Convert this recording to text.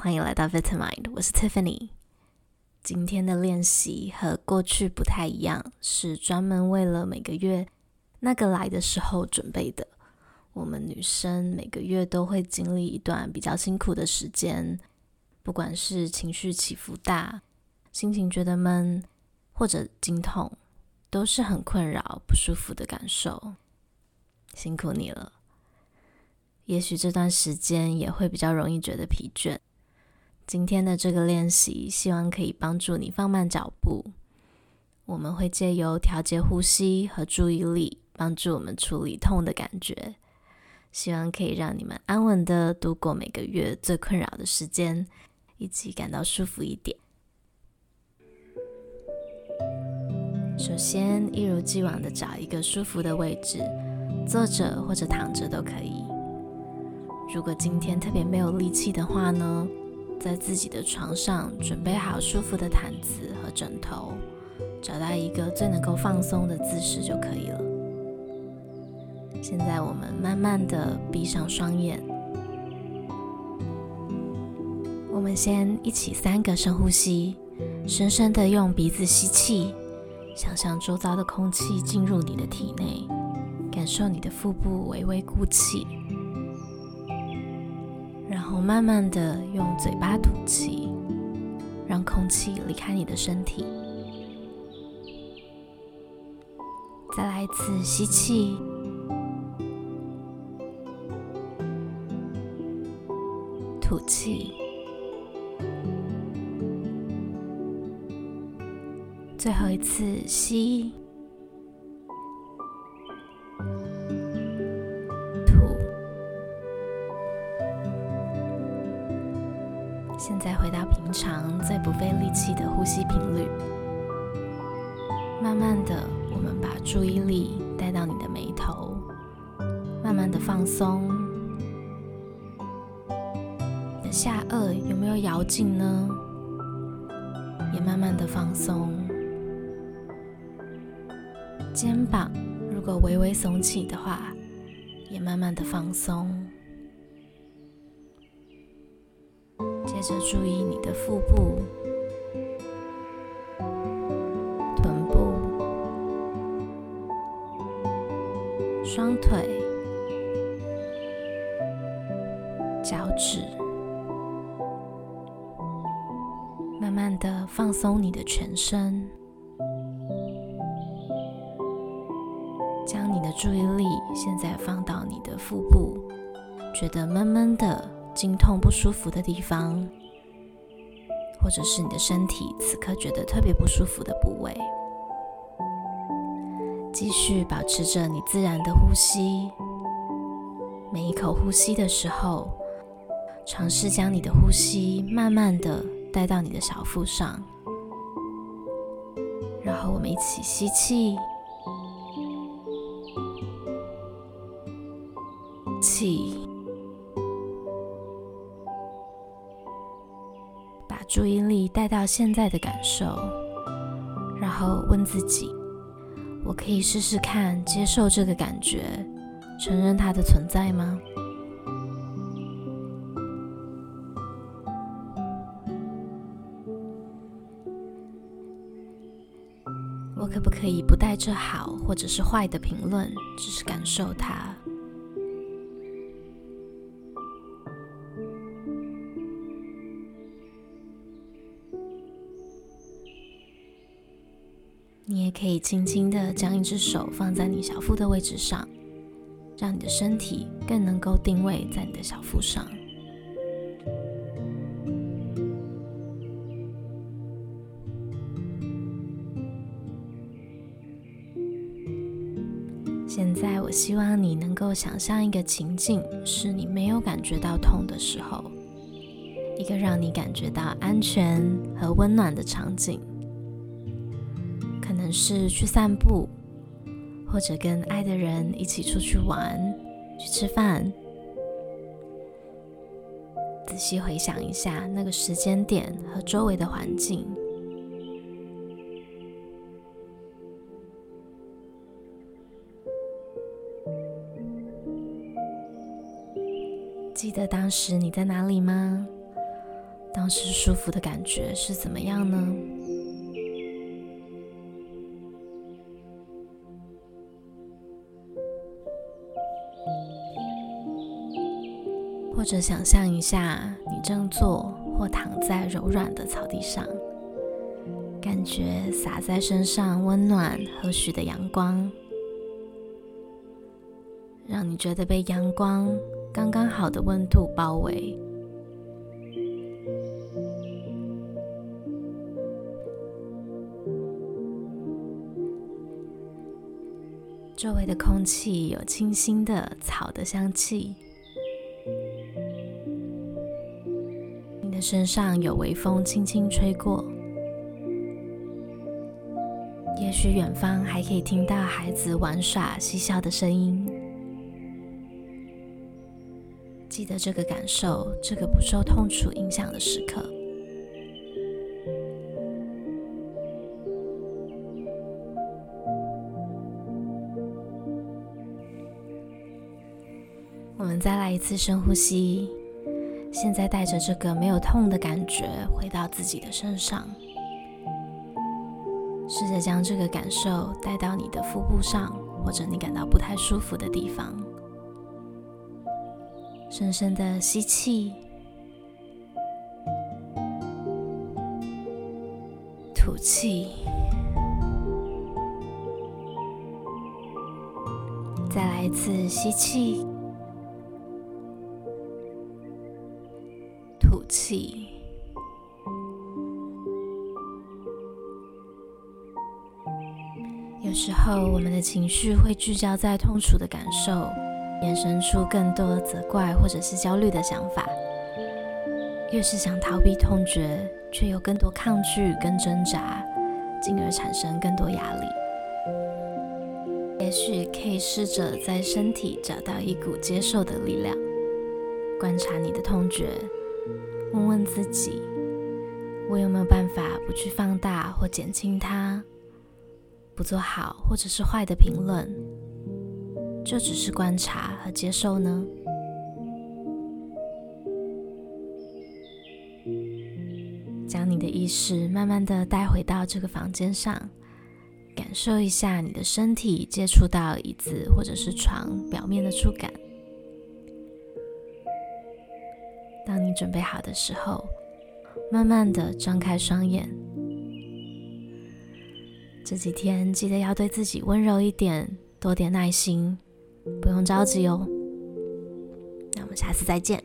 歡迎來到 Vitamind，我是 Tiffany。今天的練習和過去不太一樣，是專門為了每個月那個來的時候準備的。我們女生每個月都會經歷一段比較辛苦的時間，不管是情緒起伏大、心情覺得悶或者經痛，都是很困擾、不舒服的感受。辛苦你了，也許這段時間也會比較容易覺得疲倦。今天的這個練習，希望可以幫助你放慢腳步。我們會借由調節呼吸和注意力，幫助我們處理痛的感覺。希望可以讓你們安穩的度過每個月最困擾的時間，以及感到舒服一點。首先，一如既往的找一個舒服的位置，坐着或者躺着都可以。如果今天特別沒有力氣的話呢，在自己的床上準備好舒服的毯子和枕頭，找到一個最能夠放鬆的姿勢就可以了。現在我們慢慢的閉上雙眼，我們先一起三個深呼吸，深深的用鼻子吸氣，想象周遭的空氣進入你的體內，感受你的腹部微微鼓起。然後慢慢的用嘴巴吐氣，讓空氣離開你的身體。再來一次，吸氣，吐氣，最後一次吸。現在回到平常最不費力氣的呼吸頻率。慢慢的，我們把注意力帶到你的眉頭，慢慢的放鬆。你的下顎有沒有咬緊呢？也慢慢的放鬆。肩膀如果微微聳起的話，也慢慢的放鬆。接着注意你的腹部、臀部、雙腿、腳趾，慢慢的放鬆你的全身，將你的注意力現在放到你的腹部，覺得悶悶的。經痛不舒服的地方，或者是你的身體此刻覺得特別不舒服的部位，繼續保持着你自然的呼吸。每一口呼吸的時候，嘗試將你的呼吸慢慢的帶到你的小腹上，然後我們一起吸氣，氣。注意力帶到現在的感受，然後問自己：我可以試試看接受這個感覺，承認它的存在嗎？我可不可以不帶著好或者是壞的評論，只是感受它？你也可以輕輕的將一隻手放在你小腹的位置上，讓你的身體更能夠定位在你的小腹上。現在，我希望你能夠想象一個情境，是你沒有感覺到痛的時候，一個讓你感覺到安全和溫暖的場景。是去散步，或者跟愛的人一起出去玩，去吃飯。仔細回想一下那個時間點和周圍的環境，記得當時你在哪裡嗎？當時舒服的感覺是怎麼樣呢？或者想象一下，你正坐或躺在柔軟的草地上，感覺灑在身上溫暖、和煦的陽光，讓你覺得被陽光剛剛好的溫度包圍。周圍的空氣有清新的草的香氣。你的身上有微風輕輕吹過，也許遠方還可以聽到孩子玩耍嬉笑的聲音。記得這個感受，這個不受痛楚影響的時刻。我們再來一次深呼吸。現在帶着這個沒有痛的感覺回到自己的身上，試着將這個感受帶到你的腹部上，或者你感到不太舒服的地方。深深的吸氣，吐氣，再來一次吸氣。氣。有時候，我們的情緒會聚焦在痛楚的感受，衍生出更多的責怪或者是焦慮的想法。越是想逃避痛覺，卻有更多抗拒跟掙扎，進而產生更多壓力。也許可以試着在身體找到一股接受的力量，觀察你的痛覺。問問自己，我有沒有辦法不去放大或減輕它，不做好或者是壞的評論，就只是觀察和接受呢？將你的意識慢慢地帶回到這個房間上，感受一下你的身體接觸到椅子或者是床表面的觸感。準備好的時候，慢慢的張開雙眼。這幾天記得要對自己溫柔一點，多點耐心，不用着急哦。那我們下次再見。